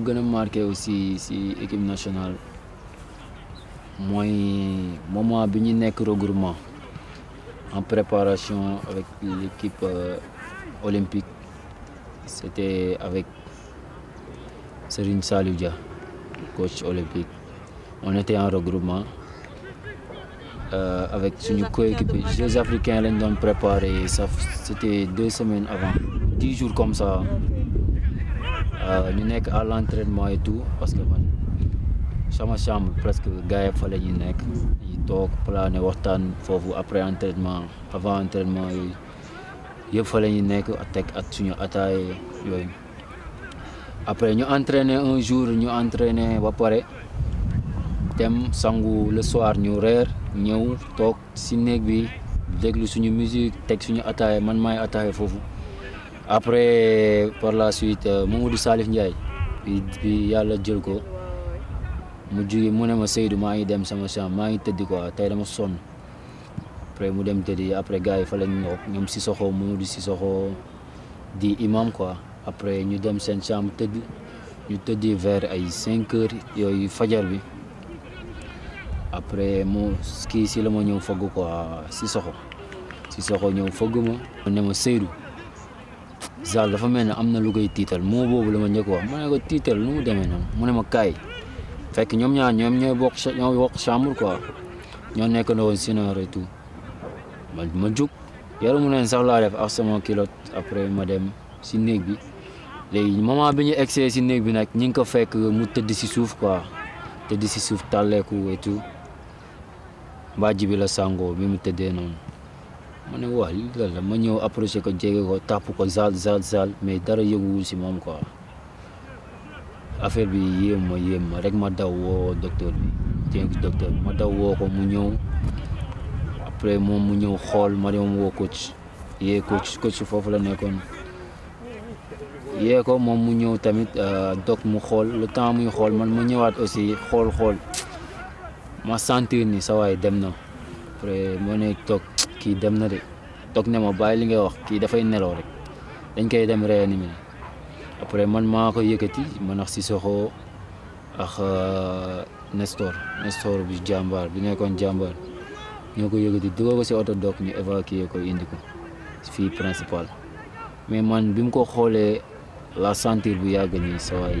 Je gën a marqué aussi si équipe nationale moi, moment bi ñu nekk regroupement en préparation avec l'équipe euh, olympique c'était avec Serigne Saliou coach olympique on était en regroupement euh, avec suñu coéquipier Jeux africains lañ doon préparé ça c'était deux semaines avant dix jours comme ça euh, ñu nekk à l' entraînement et tout parce que man sama chambre presque gars yi fa la ñuy nekk ñu toog plané waxtaan foofu après entraînement avant entraînement yooyu yëpp fa la ñuy nekk teg ak suñu ataay yooyu après ñu entraîner un jour ñu entraîner ba pare dem sangu le soir ñu reer ñëw toog si néeg bi déglu suñu musique teg suñu ataay man maay ataay foofu après par la suite euh, Mamadou Salif Ndiaye bi bi yàlla jël ko mu jóge mu ne ma Seydou maa ngi dem sama chambre maa ngi tëdd quoi tey dama sonn après mu dem tëdd après gars yi fa lañ ñoom Sissoko si Sissoko di imam quoi après ñu dem seen chambre tëdd ñu tëdd ver ay cinq heures yooyu fajar bi après mu kii si la ma ñëw fogg quoi si Sissoko ñëw fogg ma ne ma Seydou Zal dafa mel ne am na lu koy tiital moo boobu la ma njëkk wax ma ne ko tiital nu mu demee noonu mu ne ma kaay fekk ñoom ñaar ñoom ñooy bokk ñooy bokk chambre quoi ñoo nekk na woon sinor et ma ma jug yaru mu ne sax laa def ak sama kilote ma dem si néeg bi léegi moment bi ñu egsee si néeg bi nag ñi ngi ko fekk mu tëdd si suuf quoi tëdd si suuf tàlleeku et tout mbàjj bi la bi mu tëddee noonu ma ne waa lii la ma ñëw approché ko jege ko tàpp ko zaal zaal zaal mais dara yënguwul si moom ko affaire bi yéem ma yéem ma rek ma daw woo docteur bi jéeg docteur bi ma daw woo ko mu ñëw après moom mu ñëw xool ma dem woo coach yee coach foofu la nekkoon yee ko moom mu ñëw tamit doc mu xool le temps muy xool man mu ñëwaat aussi xool xool ma sentir ni sa dem na. après moo ne toog kii dem na de toog ne ma bàyyi li ngay wax kii dafay nelaw rek dañ koy dem réanimer après man maa ko yëkkati man ak Sissoko euh, ak Nestor Nestor bi jàmbaar bi nekkoon jàmbaar ñoo ko yëkkati dugal ko si oto doog ñu évacuer ko indi ko fii principal mais man bi mu ko xoolee la sentir bu yàgg nii yi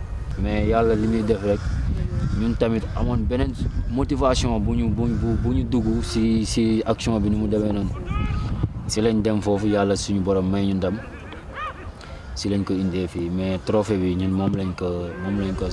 mais a li limite def rek ñun tamit motivation pour nous, buñu l'action ci si action bi ni mu nous lañ dem fofu yalla suñu borom may lañ ko mais trophée bi ñun mom lañ ko